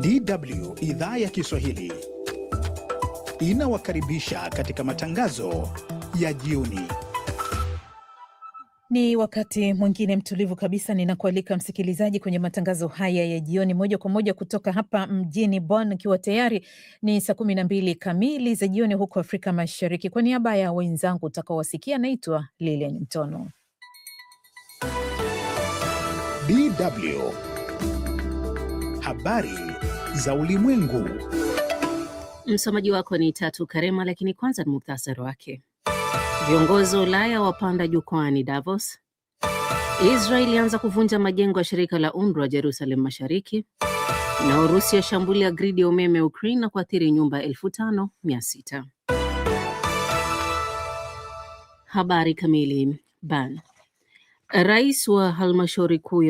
DW idhaa ya Kiswahili inawakaribisha katika matangazo ya jioni. Ni wakati mwingine mtulivu kabisa, ninakualika msikilizaji kwenye matangazo haya ya jioni moja kwa moja kutoka hapa mjini Bonn, ikiwa tayari ni saa kumi na mbili kamili za jioni huko Afrika Mashariki. Kwa niaba ya wenzangu utakaowasikia, naitwa Lilian Mtono. DW habari za ulimwengu. Msomaji wako ni Tatu Karema, lakini kwanza ni muhtasari wake. Viongozi wa Ulaya wapanda jukwani Davos. Israel ilianza kuvunja majengo ya shirika la UNRWA Jerusalem Mashariki, na Urusi yashambulia gridi ya umeme Ukraine na kuathiri nyumba elfu tano mia sita. Habari kamili. Ban Rais wa halmashauri kuu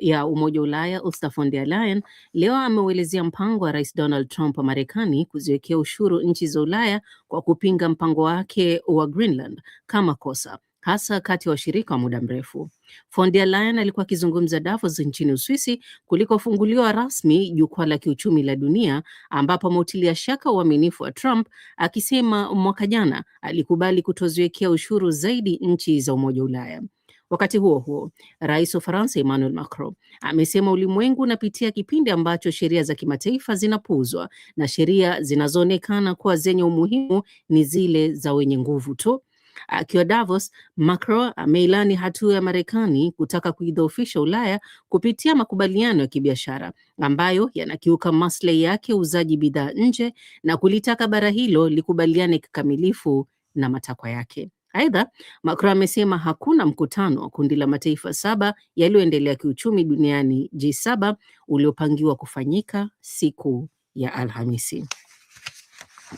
ya Umoja wa Ulaya Ursula von der Leyen leo ameuelezea mpango wa Rais Donald Trump wa Marekani kuziwekea ushuru nchi za Ulaya kwa kupinga mpango wake wa Greenland kama kosa hasa kati ya washirika wa muda mrefu. Von der Leyen alikuwa akizungumza Davos nchini Uswisi kulikofunguliwa rasmi jukwaa la kiuchumi la dunia, ambapo ameutilia shaka uaminifu wa Trump akisema mwaka jana alikubali kutoziwekea ushuru zaidi nchi za Umoja wa Ulaya. Wakati huo huo, rais wa Ufaransa Emmanuel Macron amesema ulimwengu unapitia kipindi ambacho sheria za kimataifa zinapuuzwa na sheria zinazoonekana kuwa zenye umuhimu ni zile za wenye nguvu tu. Akiwa Davos, Macron ameilani hatua ya Marekani kutaka kuidhoofisha Ulaya kupitia makubaliano ya kibiashara ambayo yanakiuka maslahi yake uuzaji bidhaa nje na kulitaka bara hilo likubaliane kikamilifu na matakwa yake. Aidha, Macron amesema hakuna mkutano wa kundi la mataifa saba yaliyoendelea kiuchumi duniani G7 uliopangiwa kufanyika siku ya Alhamisi.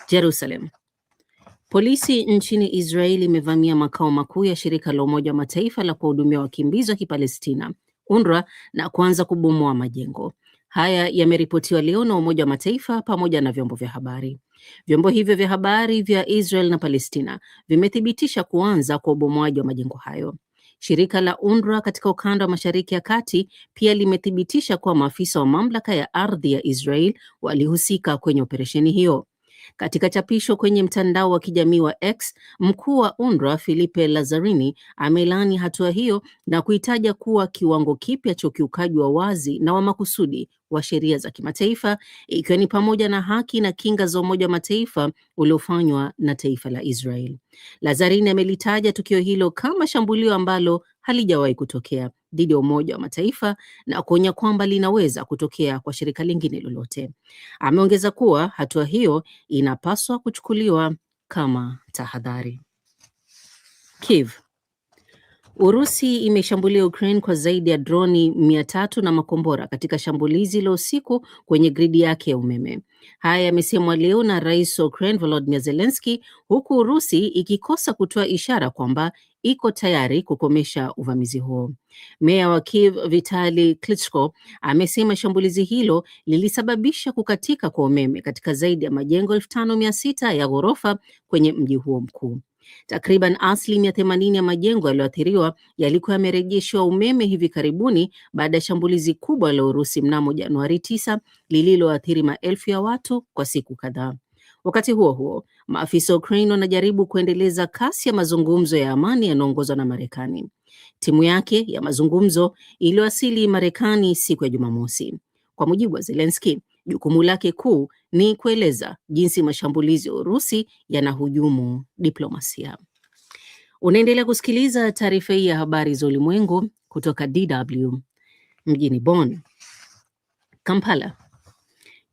Jerusalem. Polisi nchini Israeli imevamia makao makuu ya shirika la Umoja wa Mataifa la kuwahudumia wakimbizi wa Kipalestina, UNRWA, na kuanza kubomoa majengo. Haya yameripotiwa leo na Umoja wa Mataifa pamoja na vyombo vya habari. Vyombo hivyo vya habari vya Israel na Palestina vimethibitisha kuanza kwa ubomoaji wa majengo hayo. Shirika la UNRWA katika ukanda wa Mashariki ya Kati pia limethibitisha kuwa maafisa wa mamlaka ya ardhi ya Israel walihusika kwenye operesheni hiyo. Katika chapisho kwenye mtandao wa kijamii wa X, mkuu wa UNRWA Filipe Lazzarini amelani hatua hiyo na kuitaja kuwa kiwango kipya cha ukiukaji wa wazi na wa makusudi wa sheria za kimataifa ikiwa ni pamoja na haki na kinga za Umoja wa Mataifa uliofanywa na taifa la Israel. Lazzarini amelitaja tukio hilo kama shambulio ambalo halijawahi kutokea dhidi ya Umoja wa Mataifa na kuonya kwamba linaweza kutokea kwa shirika lingine lolote. Ameongeza kuwa hatua hiyo inapaswa kuchukuliwa kama tahadhari. Kiev Urusi imeshambulia Ukraine kwa zaidi ya droni mia tatu na makombora katika shambulizi la usiku kwenye gridi yake ya umeme. Haya yamesemwa leo na rais wa Ukraine volodimir zelenski huku Urusi ikikosa kutoa ishara kwamba iko tayari kukomesha uvamizi huo. Meya wa Kiev Vitali Klitschko amesema shambulizi hilo lilisababisha kukatika kwa umeme katika zaidi ya majengo elfu tano mia sita ya ghorofa kwenye mji huo mkuu. Takriban asilimia themanini ya majengo yaliyoathiriwa yalikuwa yamerejeshwa umeme hivi karibuni baada ya shambulizi kubwa la Urusi mnamo Januari tisa lililoathiri maelfu ya watu kwa siku kadhaa. Wakati huo huo, maafisa wa Ukraine wanajaribu kuendeleza kasi ya mazungumzo ya amani yanayoongozwa na Marekani. Timu yake ya mazungumzo iliwasili Marekani siku ya Jumamosi. Kwa mujibu wa Zelensky, jukumu lake kuu ni kueleza jinsi mashambulizi ya Urusi yanahujumu diplomasia. Unaendelea kusikiliza taarifa hii ya habari za ulimwengu kutoka DW mjini Bonn. Kampala,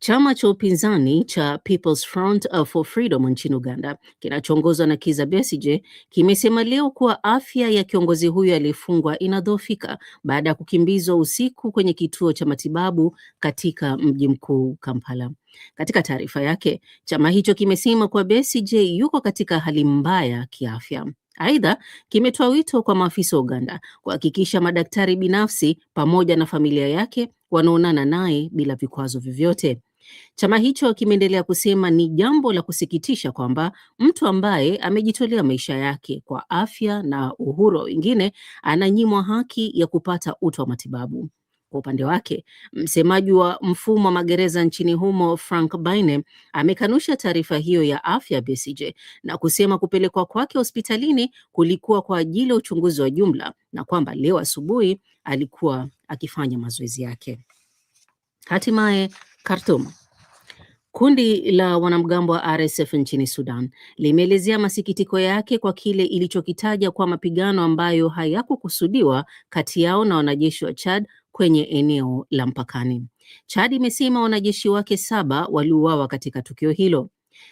Chama cha upinzani cha People's Front for Freedom nchini Uganda kinachoongozwa na Kizza Besigye kimesema leo kuwa afya ya kiongozi huyo aliyefungwa inadhoofika baada ya kukimbizwa usiku kwenye kituo cha matibabu katika mji mkuu Kampala. Katika taarifa yake, chama hicho kimesema kuwa Besigye yuko katika hali mbaya kiafya. Aidha, kimetoa wito kwa maafisa wa Uganda kuhakikisha madaktari binafsi pamoja na familia yake wanaonana naye bila vikwazo vyovyote. Chama hicho kimeendelea kusema ni jambo la kusikitisha kwamba mtu ambaye amejitolea maisha yake kwa afya na uhuru wa wengine ananyimwa haki ya kupata uto wa matibabu. Kwa upande wake, msemaji wa mfumo wa magereza nchini humo Frank Baine amekanusha taarifa hiyo ya afya Besigye na kusema kupelekwa kwake hospitalini kulikuwa kwa ajili ya uchunguzi wa jumla na kwamba leo asubuhi alikuwa akifanya mazoezi yake. Hatimaye Khartoum. Kundi la wanamgambo wa RSF nchini Sudan limeelezea masikitiko yake kwa kile ilichokitaja kwa mapigano ambayo hayakukusudiwa kati yao na wanajeshi wa Chad kwenye eneo la mpakani. Chad imesema wanajeshi wake saba waliuawa katika tukio hilo.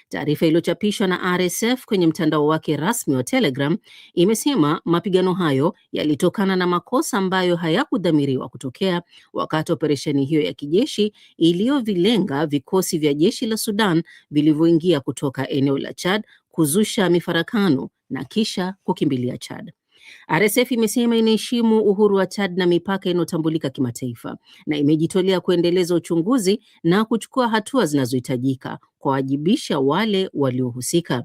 Taarifa iliyochapishwa na RSF kwenye mtandao wake rasmi wa Telegram imesema mapigano hayo yalitokana na makosa ambayo hayakudhamiriwa kutokea wakati operesheni hiyo ya kijeshi iliyovilenga vikosi vya jeshi la Sudan vilivyoingia kutoka eneo la Chad kuzusha mifarakano na kisha kukimbilia Chad. RSF imesema inaheshimu uhuru wa Chad na mipaka inayotambulika kimataifa na imejitolea kuendeleza uchunguzi na kuchukua hatua zinazohitajika kuwajibisha wale waliohusika.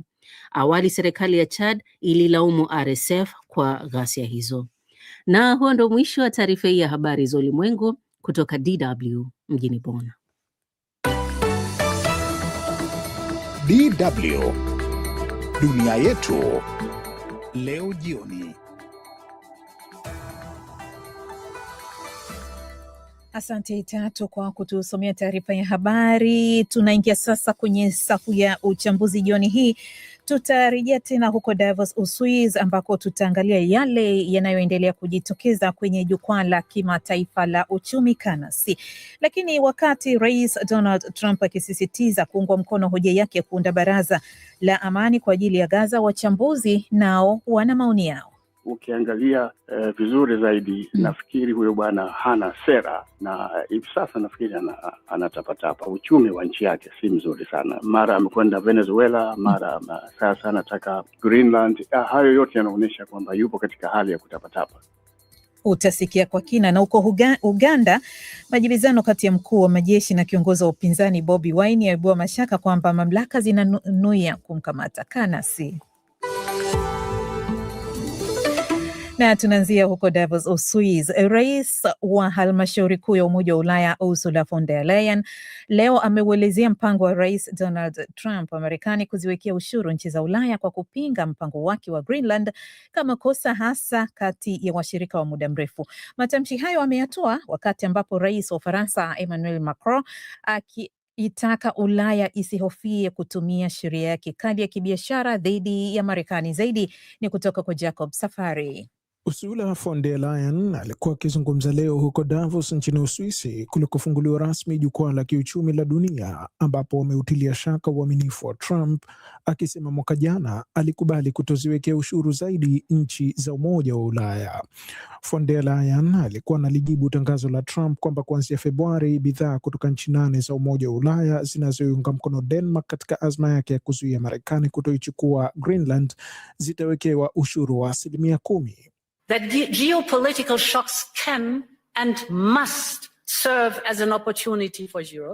Awali serikali ya Chad ililaumu RSF kwa ghasia hizo. Na huo ndo mwisho wa taarifa hii ya habari za ulimwengu kutoka DW mjini Bonn. DW dunia yetu leo jioni. Asante Tatu kwa kutusomea taarifa ya habari. Tunaingia sasa kwenye safu ya uchambuzi jioni hii. Tutarejea tena huko Davos, Uswiz, ambako tutaangalia yale yanayoendelea kujitokeza kwenye jukwaa la kimataifa la uchumi Kanasi. Lakini wakati Rais Donald Trump akisisitiza kuungwa mkono hoja yake kuunda baraza la amani kwa ajili ya Gaza, wachambuzi nao wana maoni yao ukiangalia uh, vizuri zaidi mm. nafikiri huyo bwana hana sera, na eh, hivi sasa nafikiri anatapatapa. Ana uchumi wa nchi yake si mzuri sana, mara amekwenda Venezuela, hmm. mara mm. sasa anataka Greenland. uh, hayo yote yanaonyesha kwamba yupo katika hali ya kutapatapa utasikia kwa kina. Na huko Uganda, majibizano kati ya mkuu wa majeshi na kiongozi wa upinzani Bobi Wine yaibua mashaka kwamba mamlaka zinanuia kumkamata Kanasi. Na tunaanzia huko Davos, Uswiz. Rais wa halmashauri kuu ya Umoja wa Ulaya Ursula von der Leyen leo ameuelezea mpango wa Rais Donald Trump wa Marekani kuziwekea ushuru nchi za Ulaya kwa kupinga mpango wake wa Greenland kama kosa hasa kati ya washirika wa muda mrefu. Matamshi hayo ameyatoa wakati ambapo rais wa Ufaransa Emmanuel Macron aki itaka Ulaya isihofie kutumia sheria yake kali ya kibiashara dhidi ya Marekani. Zaidi ni kutoka kwa Jacob Safari. Ursula von der Leyen alikuwa akizungumza leo huko Davos nchini Uswisi kulikofunguliwa rasmi jukwaa la kiuchumi la dunia ambapo wameutilia shaka uaminifu wa Trump akisema mwaka jana alikubali kutoziwekea ushuru zaidi nchi za Umoja wa Ulaya. Von der Leyen alikuwa analijibu tangazo la Trump kwamba kuanzia Februari bidhaa kutoka nchi nane za Umoja wa Ulaya zinazoiunga mkono Denmark katika azma yake ya kuzuia Marekani kutoichukua Greenland zitawekewa ushuru wa asilimia kumi. that geopolitical shocks can and must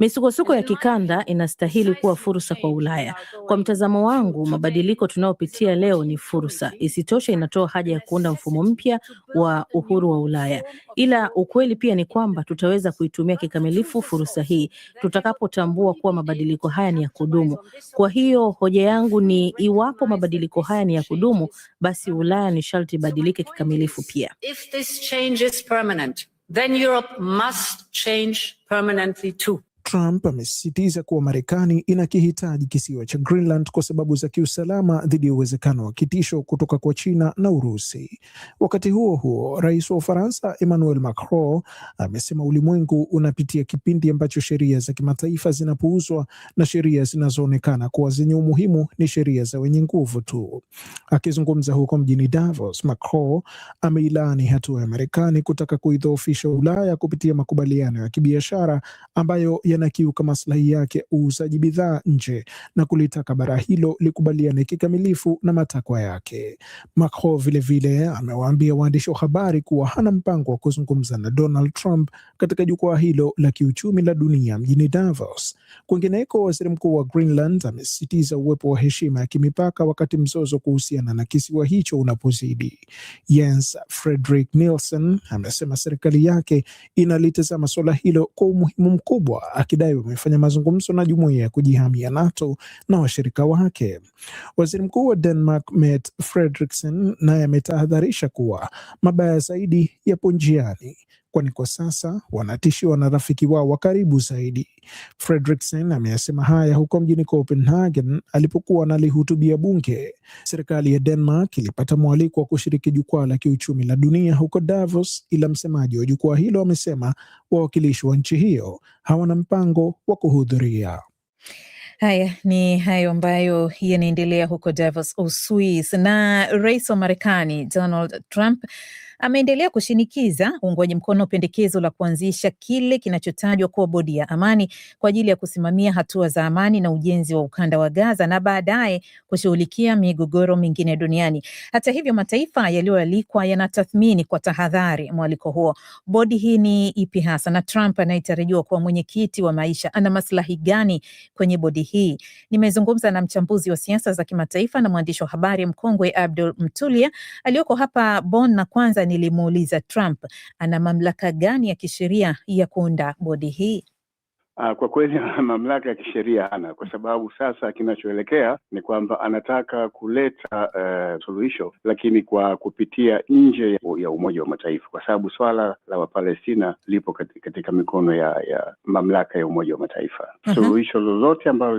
Misukosuko ya kikanda inastahili kuwa fursa kwa Ulaya. Kwa mtazamo wangu, mabadiliko tunayopitia leo ni fursa. Isitoshe, inatoa haja ya kuunda mfumo mpya wa uhuru wa Ulaya, ila ukweli pia ni kwamba tutaweza kuitumia kikamilifu fursa hii tutakapotambua kuwa mabadiliko haya ni ya kudumu. Kwa hiyo hoja yangu ni iwapo mabadiliko haya ni ya kudumu, basi Ulaya ni sharti ibadilike kikamilifu pia. If this change is permanent, then Europe must change permanently too. Trump amesisitiza kuwa Marekani inakihitaji kisiwa cha Greenland kwa sababu za kiusalama dhidi ya uwezekano wa kitisho kutoka kwa China na Urusi. Wakati huo huo, rais wa Ufaransa Emmanuel Macron amesema ulimwengu unapitia kipindi ambacho sheria za kimataifa zinapuuzwa na sheria zinazoonekana kuwa zenye umuhimu ni sheria za wenye nguvu tu. Akizungumza huko mjini Davos, Macron ameilani hatua ya Marekani kutaka kuidhoofisha Ulaya kupitia makubaliano ya kibiashara ambayo yana yanakiuka maslahi yake uuzaji bidhaa nje na kulitaka bara hilo likubaliane kikamilifu na matakwa yake. Macron vilevile amewaambia waandishi wa habari kuwa hana mpango wa kuzungumza na Donald Trump katika jukwaa hilo la kiuchumi la dunia mjini Davos. Kwingineko, waziri mkuu wa Greenland amesisitiza uwepo wa heshima ya kimipaka wakati mzozo kuhusiana na kisiwa hicho unapozidi. Jens frederik Nielsen amesema serikali yake inalitazama suala hilo kwa umuhimu mkubwa akidai wamefanya mazungumzo na jumuiya ya kujihamia NATO na washirika wake. Waziri Mkuu wa Denmark Mette Frederiksen naye ametahadharisha kuwa mabaya zaidi yapo njiani kwani kwa sasa wanatishiwa na rafiki wao wa karibu zaidi. Fredriksen ameyasema haya huko mjini Copenhagen alipokuwa analihutubia bunge. Serikali ya Denmark ilipata mwaliko wa kushiriki jukwaa la kiuchumi la dunia huko Davos, ila msemaji wa jukwaa hilo amesema wawakilishi wa nchi hiyo hawana mpango wa kuhudhuria. Haya ni hayo ambayo yanaendelea huko Davos, Uswis. Na rais wa Marekani Donald Trump ameendelea kushinikiza uungwaji mkono pendekezo la kuanzisha kile kinachotajwa kuwa bodi ya amani kwa ajili ya kusimamia hatua za amani na ujenzi wa ukanda wa Gaza na baadaye kushughulikia migogoro mingine duniani. Hata hivyo, mataifa yaliyoalikwa yanatathmini kwa tahadhari mwaliko huo. Bodi hii ni ipi hasa, na Trump anayetarajiwa kuwa mwenyekiti wa maisha ana maslahi gani kwenye bodi hii? Nimezungumza na mchambuzi wa siasa za kimataifa na mwandishi wa habari mkongwe Abdul Mtulia aliyoko hapa Bonn na kwanza nilimuuliza Trump ana mamlaka gani ya kisheria ya kuunda bodi hii. Ah, kwa kweli mamlaka ya kisheria hana, kwa sababu sasa kinachoelekea ni kwamba anataka kuleta uh, suluhisho, lakini kwa kupitia nje ya Umoja wa Mataifa, kwa sababu swala la Wapalestina lipo katika mikono ya, ya mamlaka ya Umoja wa Mataifa. Mhm. Suluhisho lolote ambalo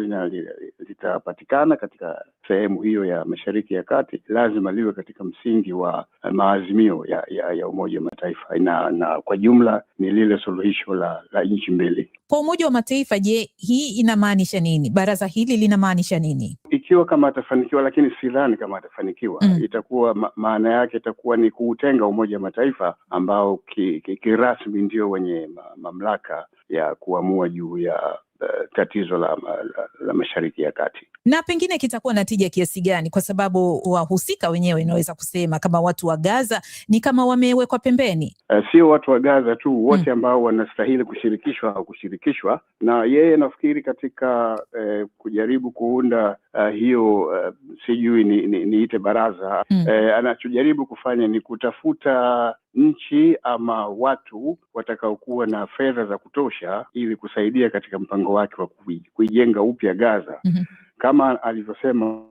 litapatikana katika sehemu hiyo ya Mashariki ya Kati lazima liwe katika msingi wa eh, maazimio ya, ya, ya Umoja wa Mataifa na, na kwa jumla ni lile suluhisho la, la nchi mbili kwa umoja Umoja wa Mataifa, je, hii inamaanisha nini? Baraza hili linamaanisha nini? Ikiwa kama atafanikiwa, lakini sidhani kama atafanikiwa mm. Itakuwa ma maana yake itakuwa ni kuutenga Umoja wa Mataifa ambao kirasmi ki, ki ndio wenye ma mamlaka ya kuamua juu ya uh, tatizo la, la, la Mashariki ya Kati, na pengine kitakuwa na tija kiasi gani, kwa sababu wahusika wenyewe inaweza kusema kama watu wa Gaza ni kama wamewekwa pembeni. Uh, sio watu wa Gaza tu wote, hmm, ambao wanastahili kushirikishwa au kushirikishwa na yeye nafikiri katika eh, kujaribu kuunda uh, hiyo uh, sijui niite ni, ni baraza hmm, eh, anachojaribu kufanya ni kutafuta nchi ama watu watakaokuwa na fedha za kutosha ili kusaidia katika mpango wake wa kuijenga upya Gaza. Mm-hmm. Kama alivyosema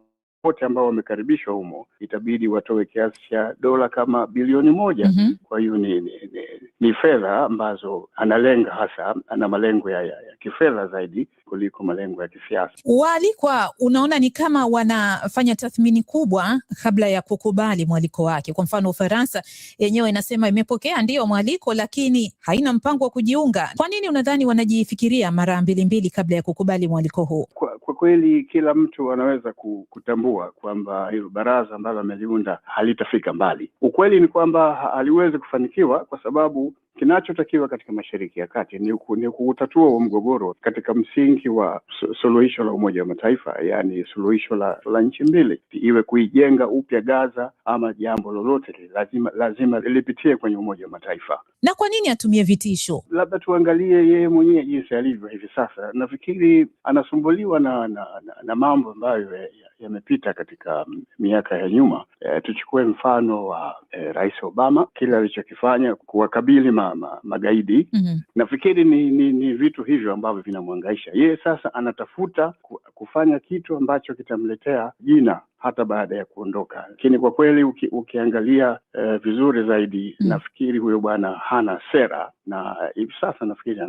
wote ambao wamekaribishwa humo itabidi watoe kiasi cha dola kama bilioni moja. mm -hmm. Kwa hiyo ni, ni, ni, ni fedha ambazo analenga hasa, ana malengo ya, ya, ya kifedha zaidi kuliko malengo ya kisiasa. Waalikwa unaona ni kama wanafanya tathmini kubwa kabla ya kukubali mwaliko wake. Kwa mfano, Ufaransa yenyewe inasema imepokea ndiyo mwaliko, lakini haina mpango wa kujiunga. Kwa nini unadhani wanajifikiria mara mbili mbili kabla ya kukubali mwaliko huu? Kwa, kwa kweli kila mtu anaweza kutambua kutambua kwamba hilo baraza ambalo ameliunda halitafika mbali. Ukweli ni kwamba haliwezi kufanikiwa kwa sababu Kinachotakiwa katika Mashariki ya Kati ni, ku, ni kutatua wa mgogoro katika msingi wa suluhisho la Umoja wa Mataifa, yaani suluhisho la, la nchi mbili, iwe kuijenga upya Gaza ama jambo lolote lazima lazima lipitie kwenye Umoja wa Mataifa. Na kwa nini atumie vitisho? Labda tuangalie yeye mwenyewe jinsi alivyo hivi sasa. Nafikiri anasumbuliwa na, na, na, na mambo ambayo yamepita katika miaka ya nyuma. E, tuchukue mfano wa e, Rais Obama, kile alichokifanya kuwakabili ma, na, magaidi mm -hmm. Nafikiri ni, ni, ni vitu hivyo ambavyo vinamwangaisha yeye. Sasa anatafuta kufanya kitu ambacho kitamletea jina hata baada ya kuondoka. Lakini kwa kweli uki, ukiangalia uh, vizuri zaidi mm. nafikiri huyo bwana hana sera na eh, hivi sasa nafikiri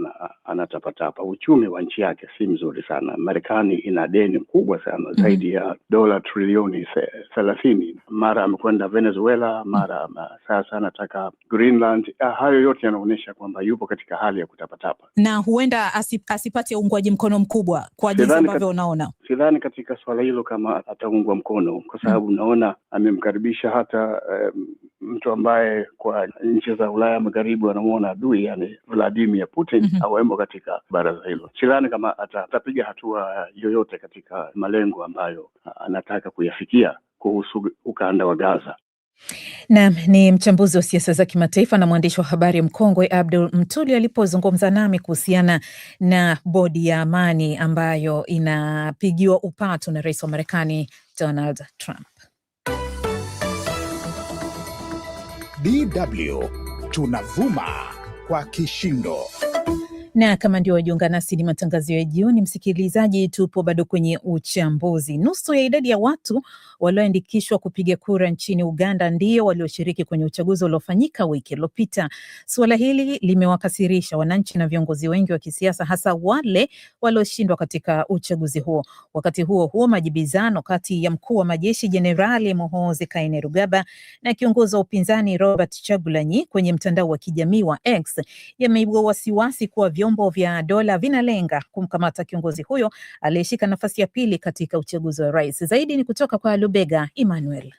anatapatapa. Uchumi wa nchi yake si mzuri sana. Marekani ina deni kubwa sana mm. zaidi ya dola trilioni thelathini. Mara amekwenda Venezuela, mm. mara ma, sasa anataka Greenland. Uh, hayo yote yanaonyesha kwamba yupo katika hali ya kutapatapa na huenda asip, asipate uungwaji mkono mkubwa kwa jinsi ambavyo unaona. Sidhani katika swala hilo kama ataungwa mkono mkono, kwa sababu unaona mm. amemkaribisha hata um, mtu ambaye kwa nchi za Ulaya magharibi wanamwona adui, yani Vladimir Putin mm -hmm. awemo katika baraza hilo. Sidhani kama atapiga hatua yoyote katika malengo ambayo anataka kuyafikia kuhusu ukanda wa Gaza. Nam ni mchambuzi wa siasa za kimataifa na mwandishi wa habari mkongwe Abdul Mtuli alipozungumza nami kuhusiana na bodi ya amani ambayo inapigiwa upatu na rais wa Marekani Donald Trump. DW tunavuma kwa kishindo. Na kama ndio wajiunga nasi, ni matangazo ya jioni, msikilizaji, tupo bado kwenye uchambuzi. Nusu ya idadi ya watu walioandikishwa kupiga kura nchini Uganda ndio walioshiriki kwenye uchaguzi uliofanyika wiki iliyopita. Suala hili limewakasirisha wananchi na viongozi wengi wa kisiasa, hasa wale walioshindwa katika uchaguzi huo. Wakati huo huo, majibizano kati ya mkuu wa majeshi Jenerali Muhoozi Kainerugaba na kiongozi wa upinzani Robert Chagulanyi kwenye mtandao wa kijamii wa X yameibua wasiwasi kuwa vyombo vya dola vinalenga kumkamata kiongozi huyo aliyeshika nafasi ya pili katika uchaguzi wa rais. Zaidi ni kutoka kwa Lubega Emmanuel.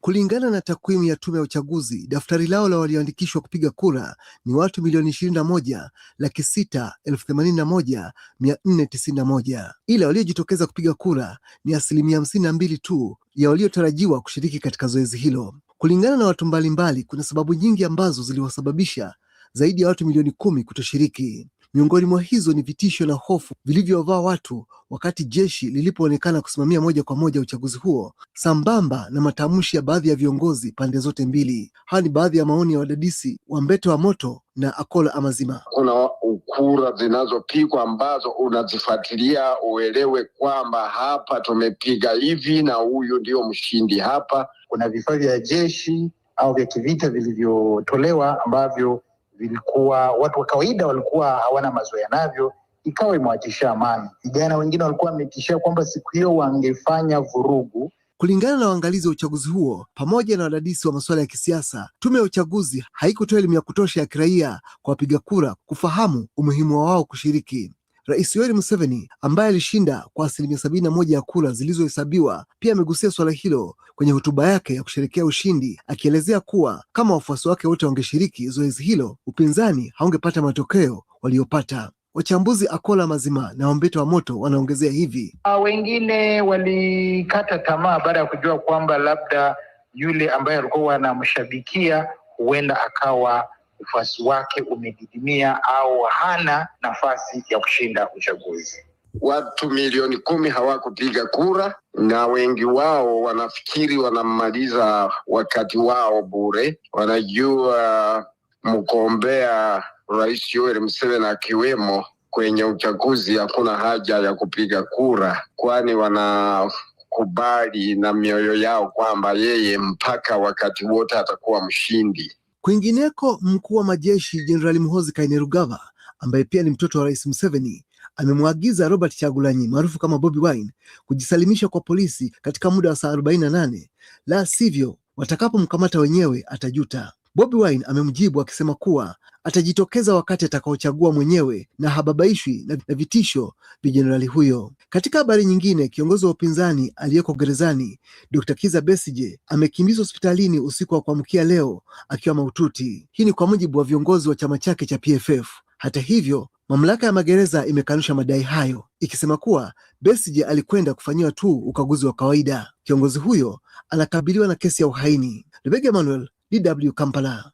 Kulingana na takwimu ya tume ya uchaguzi, daftari lao la walioandikishwa kupiga kura ni watu milioni ishirini na moja laki sita elfu themanini na moja mia nne tisini na moja ila waliojitokeza kupiga kura ni asilimia hamsini na mbili tu ya waliotarajiwa kushiriki katika zoezi hilo. Kulingana na watu mbalimbali, kuna sababu nyingi ambazo ziliwasababisha zaidi ya watu milioni kumi kutoshiriki. Miongoni mwa hizo ni vitisho na hofu vilivyowavaa watu wakati jeshi lilipoonekana kusimamia moja kwa moja uchaguzi huo, sambamba na matamshi ya baadhi ya viongozi pande zote mbili. Haya ni baadhi ya maoni ya wadadisi wa Mbete wa Moto na Akola Amazima. Kuna kura zinazopigwa ambazo unazifuatilia uelewe kwamba hapa tumepiga hivi na huyu ndio mshindi hapa. Kuna vifaa vya jeshi au vya kivita vilivyotolewa ambavyo vilikuwa watu wa kawaida walikuwa hawana mazoea navyo, ikawa imewatishia amani. Vijana wengine walikuwa wametishia kwamba siku hiyo wangefanya vurugu. Kulingana na waangalizi wa uchaguzi huo pamoja na wadadisi wa masuala ya kisiasa, tume ya uchaguzi haikutoa elimu ya kutosha ya kiraia kwa wapiga kura kufahamu umuhimu wa wao kushiriki. Rais Yoweri Museveni ambaye alishinda kwa asilimia sabini na moja ya kura zilizohesabiwa pia amegusia suala hilo kwenye hotuba yake ya kusherekea ushindi, akielezea kuwa kama wafuasi wake wote wangeshiriki zoezi hilo, upinzani haungepata matokeo waliopata. Wachambuzi Akola Mazima na Wambeta wa Moto wanaongezea hivi. Ah, wengine walikata tamaa baada ya kujua kwamba labda yule ambaye alikuwa anamshabikia huenda akawa ufuasi wake umedidimia au hana nafasi ya kushinda uchaguzi. Watu milioni kumi hawakupiga kura na wengi wao wanafikiri wanamaliza wakati wao bure. Wanajua mgombea Rais Yoweri Museveni akiwemo kwenye uchaguzi, hakuna haja ya kupiga kura, kwani wanakubali na mioyo yao kwamba yeye mpaka wakati wote atakuwa mshindi. Kwingineko, mkuu wa majeshi Jenerali Muhoozi Kainerugaba ambaye pia ni mtoto wa Rais Museveni amemwagiza Robert Chagulanyi maarufu kama Bobi Wine kujisalimisha kwa polisi katika muda wa saa 48 la sivyo watakapomkamata wenyewe atajuta. Bobi Wine amemjibu akisema kuwa atajitokeza wakati atakaochagua mwenyewe na hababaishwi na vitisho vya jenerali huyo. Katika habari nyingine, kiongozi wa upinzani aliyeko gerezani Dr. Kiza Besije amekimbizwa hospitalini usiku wa kuamkia leo akiwa mahututi. Hii ni kwa mujibu wa viongozi wa chama chake cha PFF. Hata hivyo, mamlaka ya magereza imekanusha madai hayo ikisema kuwa Besije alikwenda kufanyiwa tu ukaguzi wa kawaida. Kiongozi huyo anakabiliwa na kesi ya uhaini. Rebecca Manuel, DW Kampala.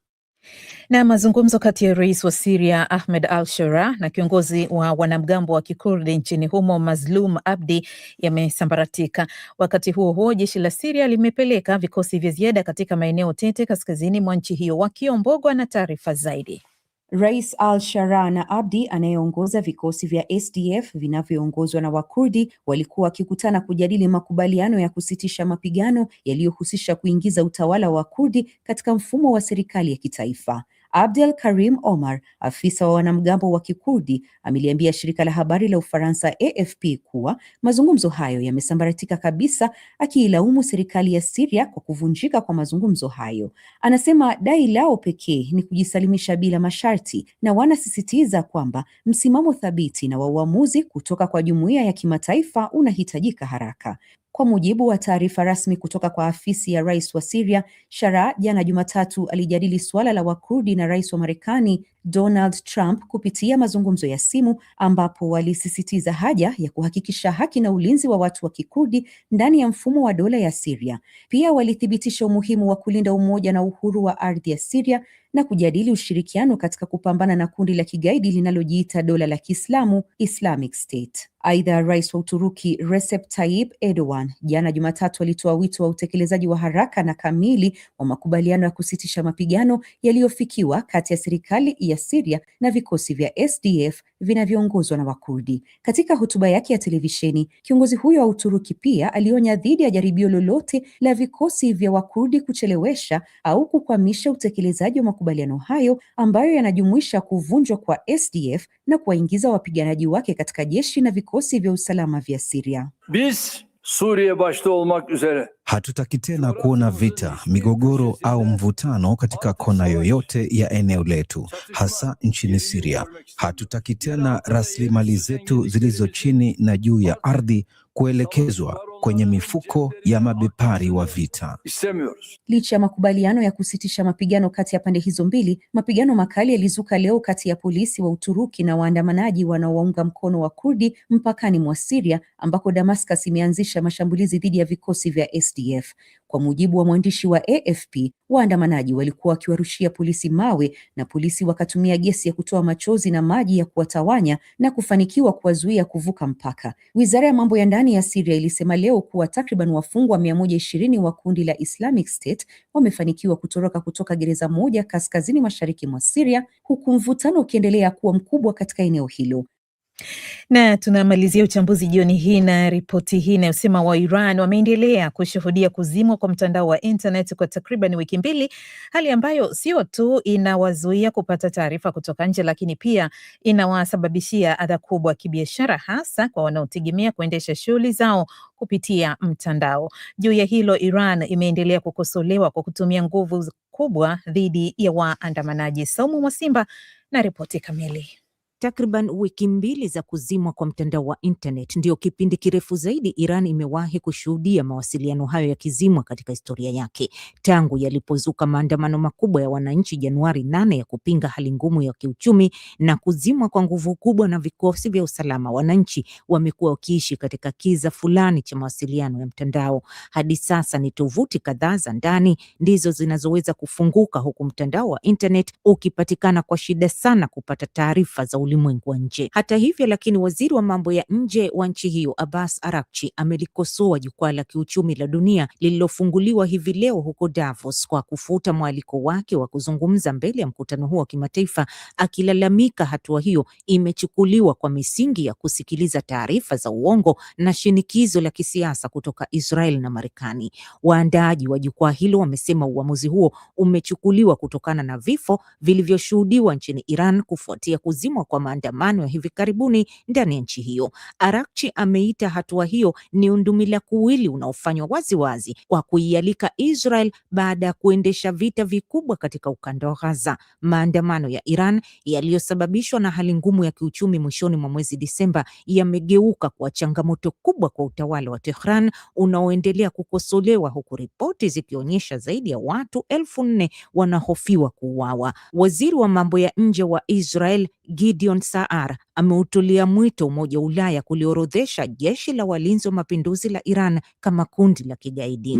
Na mazungumzo kati ya rais wa Siria Ahmed al shara na kiongozi wa wanamgambo wa kikurdi nchini humo Mazlum Abdi yamesambaratika. Wakati huo huo, jeshi la Siria limepeleka vikosi vya ziada katika maeneo tete kaskazini mwa nchi hiyo. Wakiombogwa na taarifa zaidi Rais al-Sharaa na Abdi anayeongoza vikosi vya SDF vinavyoongozwa na Wakurdi walikuwa wakikutana kujadili makubaliano ya kusitisha mapigano yaliyohusisha kuingiza utawala wa Kurdi katika mfumo wa serikali ya kitaifa. Abdel Karim Omar, afisa wa wanamgambo wa Kikurdi, ameliambia shirika la habari la Ufaransa AFP kuwa mazungumzo hayo yamesambaratika kabisa, akiilaumu serikali ya Syria kwa kuvunjika kwa mazungumzo hayo. Anasema dai lao pekee ni kujisalimisha bila masharti, na wanasisitiza kwamba msimamo thabiti na wa uamuzi kutoka kwa jumuiya ya kimataifa unahitajika haraka. Kwa mujibu wa taarifa rasmi kutoka kwa afisi ya rais wa siria shara jana Jumatatu alijadili suala la Wakurdi na rais wa Marekani Donald Trump kupitia mazungumzo ya simu, ambapo walisisitiza haja ya kuhakikisha haki na ulinzi wa watu wa Kikurdi ndani ya mfumo wa dola ya siria Pia walithibitisha umuhimu wa kulinda umoja na uhuru wa ardhi ya siria na kujadili ushirikiano katika kupambana na kundi la kigaidi linalojiita dola la Kiislamu, Islamic State. Aidha, rais wa Uturuki Recep Tayyip Erdogan jana Jumatatu alitoa wito wa utekelezaji wa haraka na kamili wa makubaliano ya kusitisha mapigano yaliyofikiwa kati ya serikali ya Siria na vikosi vya SDF vinavyoongozwa na Wakurdi. Katika hotuba yake ya televisheni, kiongozi huyo wa Uturuki pia alionya dhidi ya jaribio lolote la vikosi vya Wakurdi kuchelewesha au kukwamisha utekelezaji wa makubaliano hayo ambayo yanajumuisha kuvunjwa kwa SDF na kuwaingiza wapiganaji wake katika jeshi na vikosi vya usalama vya Syria. Biz Suriye başta olmak üzere hatutaki tena kuona vita, migogoro au mvutano katika kona yoyote ya eneo letu, hasa nchini Syria. Hatutaki tena rasilimali zetu zilizo chini na juu ya ardhi kuelekezwa kwenye mifuko ya mabepari wa vita. Licha ya makubaliano ya kusitisha mapigano kati ya pande hizo mbili, mapigano makali yalizuka leo kati ya polisi wa Uturuki na waandamanaji wanaowaunga mkono wa Kurdi mpakani mwa Siria, ambako Damascus imeanzisha mashambulizi dhidi ya vikosi vya SDF. Kwa mujibu wa mwandishi wa AFP, waandamanaji walikuwa wakiwarushia polisi mawe na polisi wakatumia gesi ya kutoa machozi na maji ya kuwatawanya na kufanikiwa kuwazuia kuvuka mpaka. Wizara ya mambo ya ndani ya Syria ilisema leo kuwa takriban wafungwa mia moja ishirini wa kundi la Islamic State wamefanikiwa kutoroka kutoka gereza moja kaskazini mashariki mwa Syria, huku mvutano ukiendelea kuwa mkubwa katika eneo hilo. Na tunamalizia uchambuzi jioni hii na ripoti hii inayosema wa Iran wameendelea kushuhudia kuzimwa kwa mtandao wa internet kwa takriban wiki mbili, hali ambayo sio tu inawazuia kupata taarifa kutoka nje, lakini pia inawasababishia adha kubwa kibiashara, hasa kwa wanaotegemea kuendesha shughuli zao kupitia mtandao. Juu ya hilo, Iran imeendelea kukosolewa kwa kutumia nguvu kubwa dhidi ya waandamanaji. Saumu Mwasimba na ripoti kamili. Takriban wiki mbili za kuzimwa kwa mtandao wa internet ndio kipindi kirefu zaidi Iran imewahi kushuhudia mawasiliano hayo yakizimwa katika historia yake tangu yalipozuka maandamano makubwa ya wananchi Januari 8 ya kupinga hali ngumu ya kiuchumi na kuzimwa kwa nguvu kubwa na vikosi vya usalama. Wananchi wamekuwa wakiishi katika kiza fulani cha mawasiliano ya mtandao. Hadi sasa ni tovuti kadhaa za ndani ndizo zinazoweza kufunguka, huku mtandao wa internet ukipatikana kwa shida sana kupata taarifa za ulimwengu wa nje. Hata hivyo lakini, waziri wa mambo ya nje wa nchi hiyo Abbas Arakchi amelikosoa jukwaa la kiuchumi la dunia lililofunguliwa hivi leo huko Davos kwa kufuta mwaliko wake wa kuzungumza mbele ya mkutano huo wa kimataifa, akilalamika hatua hiyo imechukuliwa kwa misingi ya kusikiliza taarifa za uongo na shinikizo la kisiasa kutoka Israel na Marekani. Waandaaji wa jukwaa hilo wamesema uamuzi huo umechukuliwa kutokana na vifo vilivyoshuhudiwa nchini Iran kufuatia kuzimwa kwa kwa maandamano ya hivi karibuni ndani ya nchi hiyo. Arakchi ameita hatua hiyo ni undumila kuwili unaofanywa waziwazi kwa kuialika Israel baada ya kuendesha vita vikubwa katika ukanda wa Gaza. Maandamano ya Iran yaliyosababishwa na hali ngumu ya kiuchumi mwishoni mwa mwezi Disemba yamegeuka kwa changamoto kubwa kwa utawala wa Tehran unaoendelea kukosolewa huku ripoti zikionyesha zaidi ya watu elfu nne wanahofiwa kuuawa. Waziri wa mambo ya nje wa Israel Gidi Gideon Saar ameutulia mwito Umoja wa Ulaya kuliorodhesha jeshi la walinzi wa mapinduzi la Iran kama kundi la kigaidi.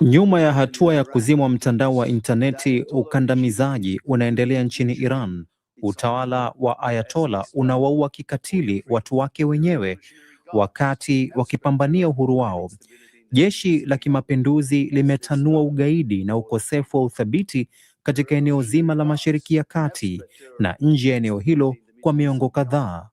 Nyuma ya hatua ya kuzimwa mtandao wa intaneti, ukandamizaji unaendelea nchini Iran. Utawala wa Ayatola unawaua kikatili watu wake wenyewe wakati wakipambania uhuru wao. Jeshi la kimapinduzi limetanua ugaidi na ukosefu wa uthabiti katika eneo zima la Mashariki ya Kati na nje ya eneo hilo kwa miongo kadhaa.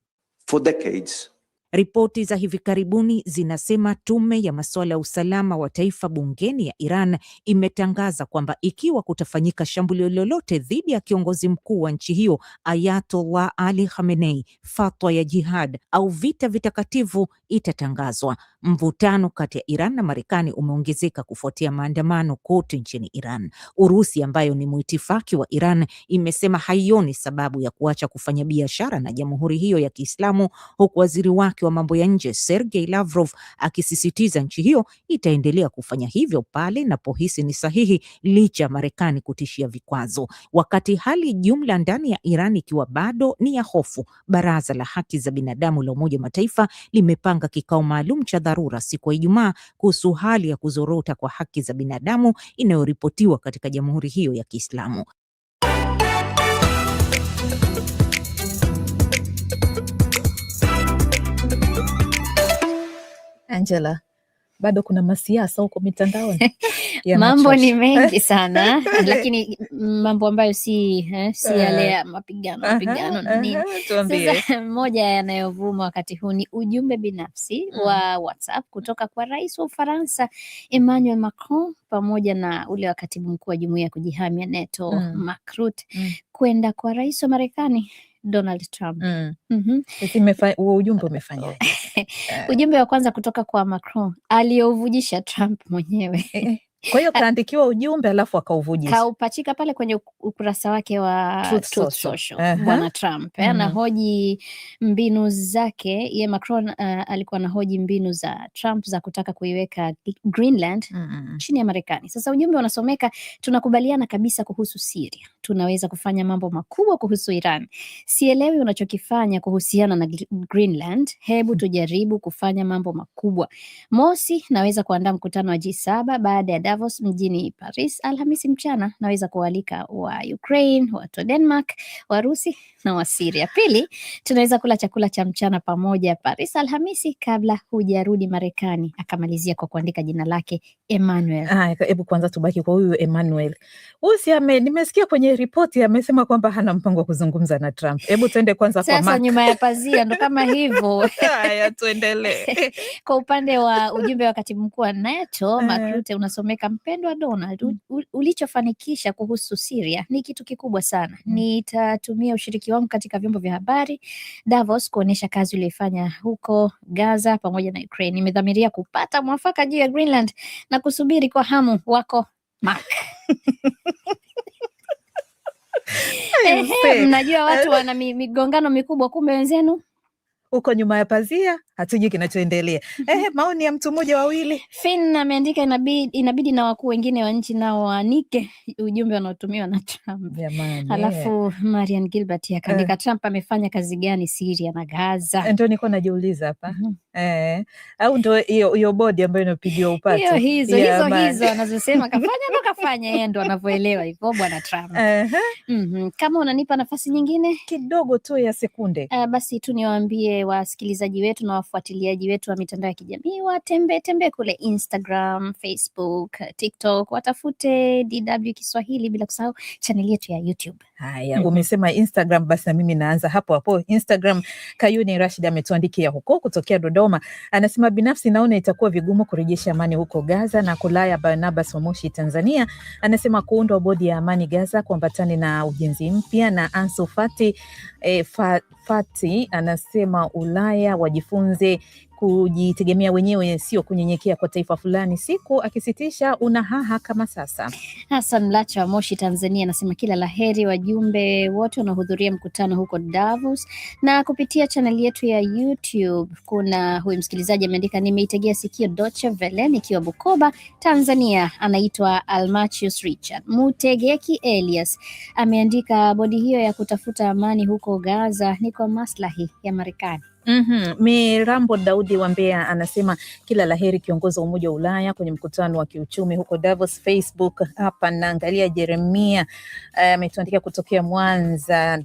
Ripoti za hivi karibuni zinasema tume ya masuala ya usalama wa taifa bungeni ya Iran imetangaza kwamba ikiwa kutafanyika shambulio lolote dhidi ya kiongozi mkuu wa nchi hiyo Ayatollah Ali Khamenei, fatwa ya jihad au vita vitakatifu itatangazwa. Mvutano kati ya Iran na Marekani umeongezeka kufuatia maandamano kote nchini Iran. Urusi ambayo ni mwitifaki wa Iran imesema haioni sababu ya kuacha kufanya biashara na jamhuri hiyo ya Kiislamu, huku waziri wake wa mambo ya nje Sergei Lavrov akisisitiza nchi hiyo itaendelea kufanya hivyo pale inapohisi ni sahihi, licha ya Marekani kutishia vikwazo. Wakati hali jumla ndani ya Iran ikiwa bado ni ya hofu, baraza la haki za binadamu la Umoja wa Mataifa limepanga kikao maalum cha dharura siku ya Ijumaa kuhusu hali ya kuzorota kwa haki za binadamu inayoripotiwa katika jamhuri hiyo ya Kiislamu. Angela, bado kuna masiasa huko mitandaoni mambo ni mengi sana lakini mambo ambayo si eh, si eh. yale ya mapigano mapigano na nini. Sasa eh, moja yanayovuma wakati huu ni ujumbe binafsi mm. wa WhatsApp kutoka kwa rais wa Ufaransa Emmanuel Macron pamoja na ule wa katibu mkuu wa jumuiya ya kujihamia NATO mm. Mark mm. kwenda kwa rais wa Marekani Donald Trump. Mm. Mm -hmm. Huo ujumbe umefanya Ujumbe wa kwanza kutoka kwa Macron aliyovujisha Trump mwenyewe eh, eh. Kwa hiyo kaandikiwa ujumbe alafu akauvujisha, kaupachika pale kwenye ukurasa wake wa Truth Truth Social. Bwana Trump mm -hmm. anahoji mbinu zake ye Macron uh, alikuwa anahoji mbinu za Trump za kutaka kuiweka Greenland mm -hmm. chini ya Marekani. Sasa ujumbe unasomeka, tunakubaliana kabisa kuhusu Syria, tunaweza kufanya mambo makubwa kuhusu Iran. Sielewi unachokifanya kuhusiana na Greenland, hebu tujaribu kufanya mambo makubwa. Mosi, naweza kuandaa mkutano wa G7 baada ya Davos mjini Paris Alhamisi mchana. Naweza kualika wa Ukraine, watu wa Denmark, Warusi na Wasiria. Pili, tunaweza kula chakula cha mchana pamoja Paris Alhamisi kabla hujarudi Marekani, akamalizia kwa kuandika jina lake Emmanuel. Hebu ah, kwanza tubaki kwa huyu Emmanuel Usi ame, nimesikia kwenye ripoti amesema kwamba hana mpango wa kuzungumza na Trump. Hebu tuende kwanza kwa Mark. Nyuma ya pazia ndo kama hivyo. Haya, tuendelee. Kwa upande wa ujumbe wa katibu mkuu wa NATO Mark eh. Rutte unasomeka Afrika, mpendwa Donald, mm. ulichofanikisha kuhusu Syria ni kitu kikubwa sana mm. Nitatumia ushiriki wangu katika vyombo vya habari Davos kuonyesha kazi ulioifanya huko Gaza pamoja na Ukraine. Nimedhamiria kupata mwafaka juu ya Greenland na kusubiri kwa hamu wako Mark. Ehe, mnajua watu wana migongano mikubwa, kumbe wenzenu huko nyuma ya pazia hatujui kinachoendelea. Mhm. Ehe, maoni ya mtu mmoja wawili. ameandika inabidi, inabidi na wakuu wengine wa nchi nao waanike ujumbe wanaotumiwa na Trump. Eh. Alafu Marian Gilbert akaandika, eh. Trump amefanya kazi gani Siria na Gaza? Eh, ndio niko najiuliza hapa. Mhm. Eh, au ndo hiyo bodi ambayo inapigiwa upato hizo yeah, hizo hizo anazosema kafanya ndo kafanya yeye ndo anavyoelewa hivyo bwana Trump. uh -huh. mm -hmm. Kama unanipa nafasi nyingine kidogo tu ya sekunde uh, basi tu niwaambie wasikilizaji wetu na wafuatiliaji wetu wa mitandao ya kijamii watembee tembee kule Instagram, Facebook, TikTok, watafute DW Kiswahili bila kusahau chaneli yetu ya YouTube. Haya, mm -hmm. Umesema Instagram, basi na mimi naanza hapo hapo Instagram. Kayuni Rashid ametuandikia huko kutokea Dodoma Dodoma anasema binafsi naona itakuwa vigumu kurejesha amani huko Gaza. Na Kulaya Barnabas Wamoshi, Tanzania, anasema kuundwa bodi ya amani Gaza kuambatani na ujenzi mpya. Na Ansu Fati, eh, Fati anasema Ulaya wajifunze kujitegemea wenyewe, sio kunyenyekea kwa taifa fulani, siku akisitisha unahaha kama sasa. Hassan Mlacha wa Moshi, Tanzania, anasema kila laheri wajumbe wote wanaohudhuria mkutano huko Davos. Na kupitia chaneli yetu ya YouTube, kuna huyu msikilizaji ameandika, nimeitegea sikio Deutsche Welle nikiwa Bukoba, Tanzania. Anaitwa Almachius Richard Mutegeki Elias ameandika, bodi hiyo ya kutafuta amani huko Gaza ni kwa maslahi ya Marekani. Mm -hmm. Mirambo Daudi wa Mbeya anasema kila laheri kiongozi wa Umoja wa Ulaya kwenye mkutano wa kiuchumi huko Davos. Facebook hapa naangalia, Jeremia eh, ametuandikia uh, kutokea Mwanza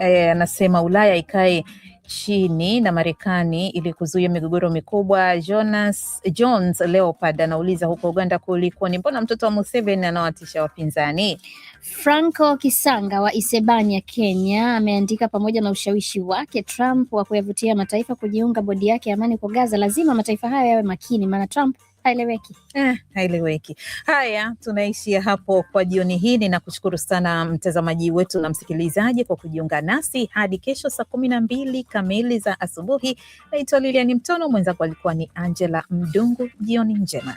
eh, anasema uh, Ulaya ikae chini na Marekani ili kuzuia migogoro mikubwa. Jonas Jones Leopard anauliza huko Uganda kulikoni, mbona mtoto wa Museveni anawatisha wapinzani? Franco Kisanga wa Isebania, Kenya ameandika, pamoja na ushawishi wake Trump wa kuyavutia mataifa kujiunga bodi yake ya amani kwa Gaza, lazima mataifa hayo yawe makini, maana Trump Haeleweki. Eh, haeleweki. Haya, tunaishia hapo kwa jioni hii. Ninakushukuru sana mtazamaji wetu na msikilizaji kwa kujiunga nasi hadi kesho saa kumi na mbili kamili za asubuhi. Naitwa Lilian Mtono, mwenzangu alikuwa ni Angela Mdungu. Jioni njema.